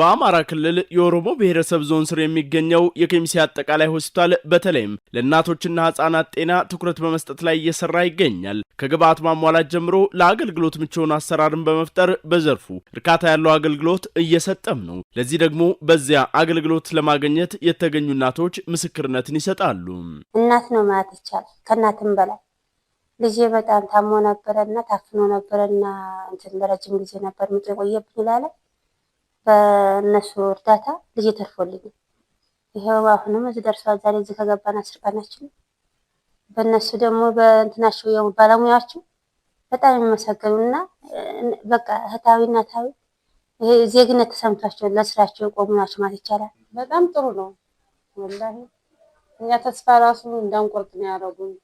በአማራ ክልል የኦሮሞ ብሔረሰብ ዞን ስር የሚገኘው የኬሚሴ አጠቃላይ ሆስፒታል በተለይም ለእናቶችና ህጻናት ጤና ትኩረት በመስጠት ላይ እየሰራ ይገኛል። ከግብአት ማሟላት ጀምሮ ለአገልግሎት ምቹውን አሰራርን በመፍጠር በዘርፉ እርካታ ያለው አገልግሎት እየሰጠም ነው። ለዚህ ደግሞ በዚያ አገልግሎት ለማግኘት የተገኙ እናቶች ምስክርነትን ይሰጣሉ። እናት ነው ማለት ይቻላል። ከእናትም በላይ ልጄ በጣም ታሞ ነበረና ታፍኖ ነበረና እንትን ለረጅም ጊዜ ነበር ምጥ የቆየብኝ በእነሱ እርዳታ ልጅ ተርፎልኝ ይኸው አሁንም እዚህ ደርሰዋል። ዛሬ እዚህ ከገባን አስር ቀናችን። በእነሱ ደግሞ በእንትናቸው የሙ ባለሙያቸው በጣም የሚመሰገኑና በቃ እህታዊ እናታዊ ዜግነት ተሰምቷቸው ለስራቸው የቆሙ ናቸው ማለት ይቻላል። በጣም ጥሩ ነው ወላሂ። እኛ ተስፋ ራሱ እንዳንቆርጥ ነው ያደረጉን።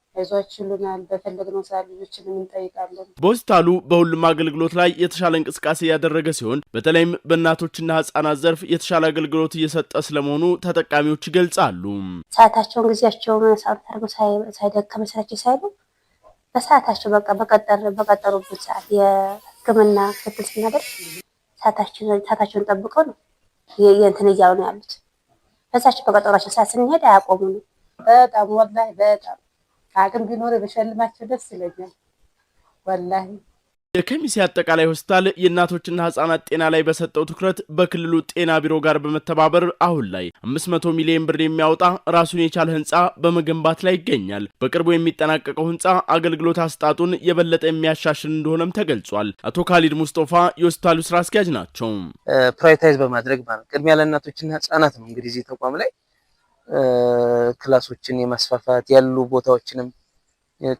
በሆስፒታሉ በሁሉም አገልግሎት ላይ የተሻለ እንቅስቃሴ እያደረገ ሲሆን በተለይም በእናቶችና ህጻናት ዘርፍ የተሻለ አገልግሎት እየሰጠ ስለመሆኑ ተጠቃሚዎች ይገልጻሉ። ሰዓታቸውን፣ ጊዜያቸውን ሳንት ሳይደከ መስራቸው ሳይሉ በሰዓታቸው በቃ በቀጠሩበት ሰዓት የህክምና ክትል ስናደርግ ሰዓታቸውን ጠብቀው ነው የእንትን እያሉ ነው ያሉት። በዛቸው በቀጠሯቸው ሰዓት ስንሄድ አያቆሙ ነው። በጣም ወላሂ በጣም አቅም ቢኖር የበሸልማቸው ደስ ይለኛል ወላሂ። የከሚሴ አጠቃላይ ሆስፒታል የእናቶችና ህጻናት ጤና ላይ በሰጠው ትኩረት በክልሉ ጤና ቢሮ ጋር በመተባበር አሁን ላይ 500 ሚሊዮን ብር የሚያወጣ ራሱን የቻለ ህንፃ በመገንባት ላይ ይገኛል። በቅርቡ የሚጠናቀቀው ህንፃ አገልግሎት አስጣጡን የበለጠ የሚያሻሽል እንደሆነም ተገልጿል። አቶ ካሊድ ሙስጦፋ የሆስፒታሉ ስራ አስኪያጅ ናቸው። ፕራይታይዝ በማድረግ ማለት ቅድሚያ ለእናቶችና ህጻናት ነው። እንግዲህ እዚህ ተቋም ላይ ክላሶችን የማስፋፋት ያሉ ቦታዎችንም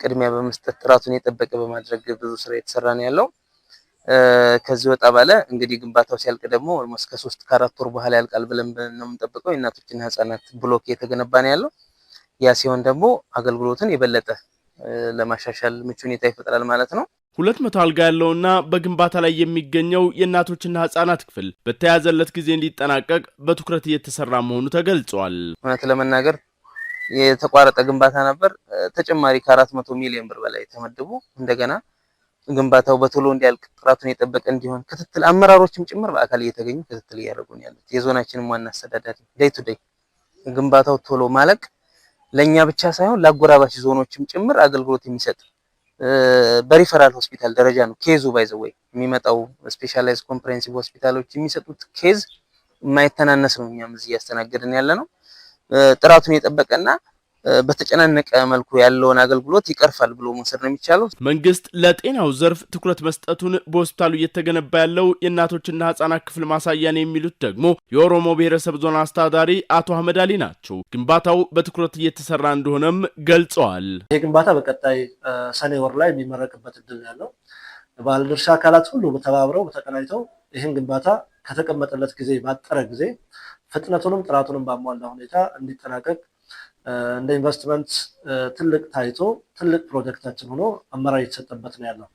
ቅድሚያ በመስጠት ጥራቱን የጠበቀ በማድረግ ብዙ ስራ የተሰራ ነው ያለው። ከዚህ ወጣ ባለ እንግዲህ ግንባታው ሲያልቅ ደግሞ ኦልሞስት ከሶስት ከአራት ወር በኋላ ያልቃል ብለን ነው የምንጠብቀው። የእናቶችና ህጻናት ብሎክ እየተገነባ ነው ያለው። ያ ሲሆን ደግሞ አገልግሎትን የበለጠ ለማሻሻል ምቹ ሁኔታ ይፈጥራል ማለት ነው። ሁለት መቶ አልጋ ያለውና በግንባታ ላይ የሚገኘው የእናቶችና ህጻናት ክፍል በተያዘለት ጊዜ እንዲጠናቀቅ በትኩረት እየተሰራ መሆኑ ተገልጿል። እውነት ለመናገር የተቋረጠ ግንባታ ነበር። ተጨማሪ ከአራት መቶ ሚሊዮን ብር በላይ ተመድቦ እንደገና ግንባታው በቶሎ እንዲያልቅ ጥራቱን የጠበቀ እንዲሆን ክትትል አመራሮችም ጭምር በአካል እየተገኙ ክትትል እያደረጉ ነው ያሉት። የዞናችንም ዋና አስተዳዳሪ ዴይ ቱ ዴይ ግንባታው ቶሎ ማለቅ ለእኛ ብቻ ሳይሆን ለአጎራባች ዞኖችም ጭምር አገልግሎት የሚሰጥ በሪፈራል ሆስፒታል ደረጃ ነው ኬዙ ባይዘወይ የሚመጣው ስፔሻላይዝ ኮምፕሬሄንሲቭ ሆስፒታሎች የሚሰጡት ኬዝ የማይተናነስ ነው። እኛም እዚህ እያስተናገድን ያለ ነው። ጥራቱን የጠበቀና በተጨናነቀ መልኩ ያለውን አገልግሎት ይቀርፋል ብሎ መውሰድ ነው የሚቻለው። መንግስት ለጤናው ዘርፍ ትኩረት መስጠቱን በሆስፒታሉ እየተገነባ ያለው የእናቶችና ህጻናት ክፍል ማሳያ ነው የሚሉት ደግሞ የኦሮሞ ብሔረሰብ ዞን አስተዳዳሪ አቶ አህመድ አሊ ናቸው። ግንባታው በትኩረት እየተሰራ እንደሆነም ገልጸዋል። ይሄ ግንባታ በቀጣይ ሰኔ ወር ላይ የሚመረቅበት እድል ያለው ባለድርሻ አካላት ሁሉ ተባብረው ተቀናጅተው ይህን ግንባታ ከተቀመጠለት ጊዜ ባጠረ ጊዜ ፍጥነቱንም ጥራቱንም ባሟላ ሁኔታ እንዲጠናቀቅ እንደ ኢንቨስትመንት ትልቅ ታይቶ ትልቅ ፕሮጀክታችን ሆኖ አመራር የተሰጠበት ነው ያለው።